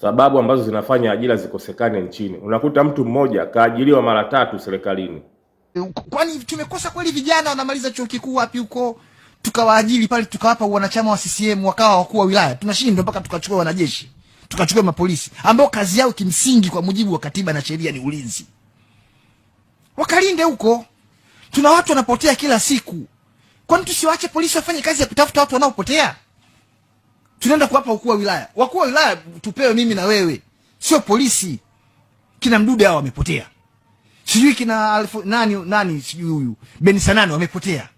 sababu ambazo zinafanya ajira zikosekane nchini. Unakuta mtu mmoja kaajiriwa mara tatu serikalini. E, kwani tumekosa kweli? Vijana wanamaliza chuo kikuu wapi huko, tukawaajiri pale, tukawapa wanachama wa CCM wakawa wakuu wa wilaya, tunashindwa mpaka tukachukua wanajeshi, tukachukua mapolisi ambao kazi yao kimsingi kwa mujibu wa katiba na sheria ni ulinzi, wakalinde huko. Tuna watu wanapotea kila siku, kwani tusiwaache polisi wafanye kazi ya kutafuta watu wanaopotea? tunaenda kuwapa ukuu wa wilaya. Wakuu wa wilaya tupewe mimi na wewe, sio polisi. Kina Mdude hao wamepotea, sijui kina alfu, nani nani, sijui huyu Ben Sanani wamepotea,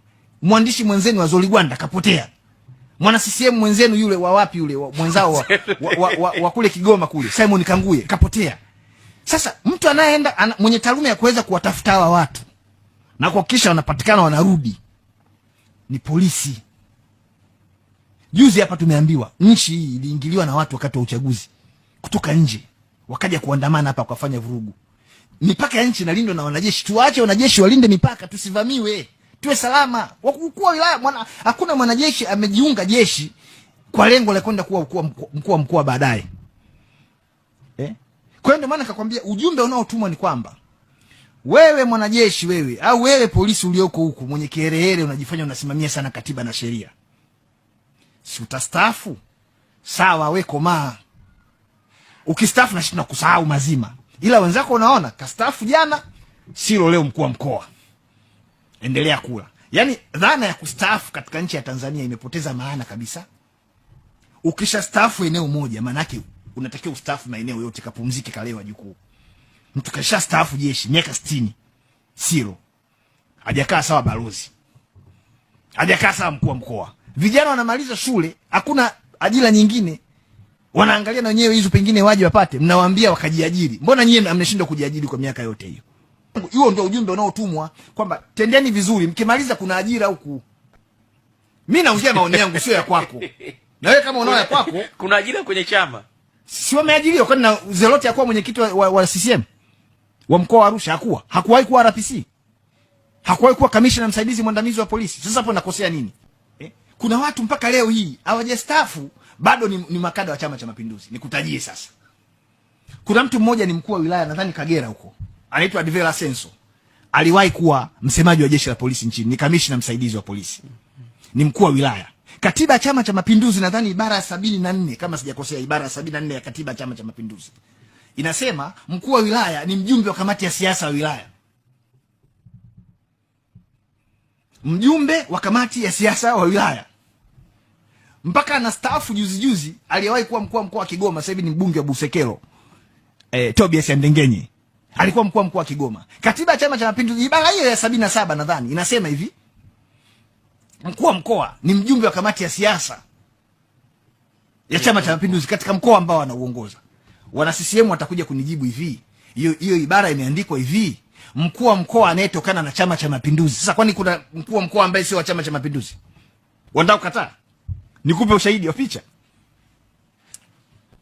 mwandishi mwenzenu wa Zoligwanda kapotea, mwana CCM mwenzenu yule wa wapi yule mwenzao wa, wa, wa, wa, wa kule Kigoma kule Simon Kanguye kapotea. Sasa mtu anayeenda ana, mwenye taaluma ya kuweza kuwatafuta hawa watu na kuhakikisha wanapatikana wanarudi ni polisi. Juzi hapa tumeambiwa nchi hii iliingiliwa na watu wakati wa uchaguzi kutoka nje, wakaja kuandamana hapa wakafanya vurugu. Mipaka ya nchi inalindwa na wanajeshi, tuwaache wanajeshi walinde mipaka, tusivamiwe, tuwe salama. Wakuu wa wilaya mwana, hakuna mwanajeshi amejiunga jeshi kwa lengo la kwenda kuwa mkuu wa mkoa baadaye eh? Kwa hiyo ndio maana nikakwambia ujumbe unaotumwa ni kwamba wewe mwanajeshi wewe, au wewe polisi ulioko huku mwenye kiherehere, unajifanya unasimamia sana katiba na sheria si utastaafu? Sawa, we komaa. Ukistaafu na shida kusahau mazima, ila wenzako unaona kastaafu jana, silo leo mkuu wa mkoa, endelea kula. Yani dhana ya kustaafu katika nchi ya Tanzania imepoteza maana kabisa. ukisha Ukishastaafu eneo moja, maanake unatakiwa ustaafu maeneo yote, kapumzike kalewa jukuu. Mtu kasha staafu jeshi miaka sitini, silo hajakaa sawa balozi, hajakaa sawa mkuu wa mkoa. Vijana wanamaliza shule, hakuna ajira nyingine, wanaangalia na wenyewe hizo, pengine waje wapate, mnawaambia wakajiajiri. Mbona nyie mnashindwa kujiajiri kwa miaka yote hiyo? Huo ndio ujumbe unaotumwa kwamba tendeni vizuri, mkimaliza kuna ajira huku. Mimi naongea maoni yangu, sio ya kwako. Na wewe kama unao ya kwako, kuna ajira kwenye chama, si wameajiriwa? Kwani na Zeloti hakuwa mwenyekiti wa, wa, wa CCM wa mkoa wa Arusha? Hakuwa, hakuwahi kuwa RPC, hakuwahi kuwa kamishna msaidizi mwandamizi wa polisi. Sasa hapo nakosea nini? kuna watu mpaka leo hii hawajastaafu bado ni, ni makada wa Chama cha Mapinduzi. Nikutajie sasa, kuna mtu mmoja ni mkuu wa wilaya nadhani Kagera huko anaitwa Advera Senso, aliwahi kuwa msemaji wa jeshi la polisi nchini, ni kamishna msaidizi wa polisi, ni mkuu wa wilaya. Katiba ya Chama cha Mapinduzi nadhani ibara ya sabini na nne kama sijakosea, ibara ya sabini na nne ya katiba ya Chama cha Mapinduzi inasema mkuu wa wilaya ni mjumbe wa kamati ya siasa wa wilaya mjumbe wa kamati ya siasa wa wilaya mpaka anastaafu juzi juzi, aliyewahi kuwa mkuu wa mkoa wa Kigoma sasa hivi ni mbunge wa Busekelo eh, Tobias Ndengenye alikuwa mkuu wa mkoa wa Kigoma. Katiba ya Chama cha Mapinduzi ibara hiyo ya 77 nadhani inasema hivi, mkuu wa mkoa ni mjumbe wa kamati ya siasa ya Chama cha Mapinduzi katika mkoa ambao anauongoza. Wana CCM watakuja kunijibu hivi, hiyo hiyo ibara imeandikwa hivi, mkuu wa mkoa anayetokana na Chama cha Mapinduzi. Sasa kwani kuna mkuu wa mkoa ambaye sio wa Chama cha Mapinduzi? Wanataka kukataa? Nikupe ushahidi wa picha.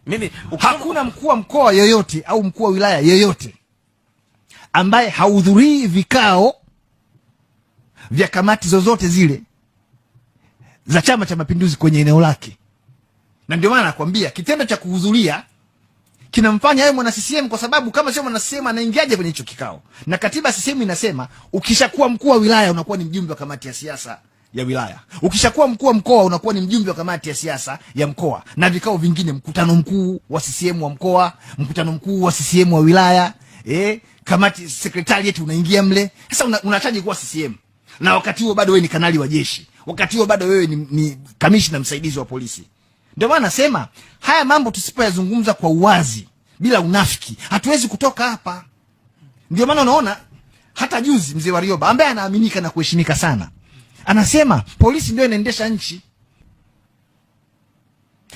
Mimi hakuna mkuu wa mkoa yoyote au mkuu wa wilaya yoyote ambaye hahudhurii vikao vya kamati zozote zile za Chama cha Mapinduzi kwenye eneo lake, na ndio maana nakwambia kitendo cha kuhudhuria kinamfanya yeye mwana CCM, kwa sababu kama sio mwana CCM anaingiaje kwenye hicho kikao? Na katiba CCM inasema ukishakuwa mkuu wa wilaya unakuwa ni mjumbe wa kamati ya siasa ya wilaya. Ukishakuwa mkuu wa mkoa unakuwa ni mjumbe wa kamati ya siasa ya mkoa na vikao vingine, mkutano mkuu wa CCM wa mkoa, mkutano mkuu wa CCM wa wilaya, eh, kamati secretariat unaingia mle. Sasa una, kuwa CCM. Na wakati huo bado wewe ni kanali wa jeshi. Wakati huo bado wewe ni, ni kamishna msaidizi wa polisi. Ndio maana nasema haya mambo tusipoyazungumza kwa uwazi bila unafiki, hatuwezi kutoka hapa. Ndio maana unaona hata juzi mzee Warioba ambaye anaaminika na kuheshimika sana Anasema polisi ndio inaendesha nchi,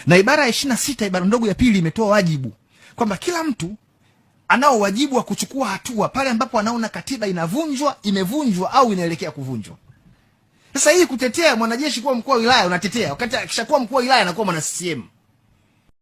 na ibara ya ishirini na sita ibara ndogo ya pili imetoa wajibu kwamba kila mtu anao wajibu wa kuchukua hatua pale ambapo anaona katiba inavunjwa, imevunjwa au inaelekea kuvunjwa. Sasa hii kutetea mwanajeshi kuwa mkuu wa wilaya unatetea, wakati akishakuwa mkuu wa wilaya anakuwa mwana CCM.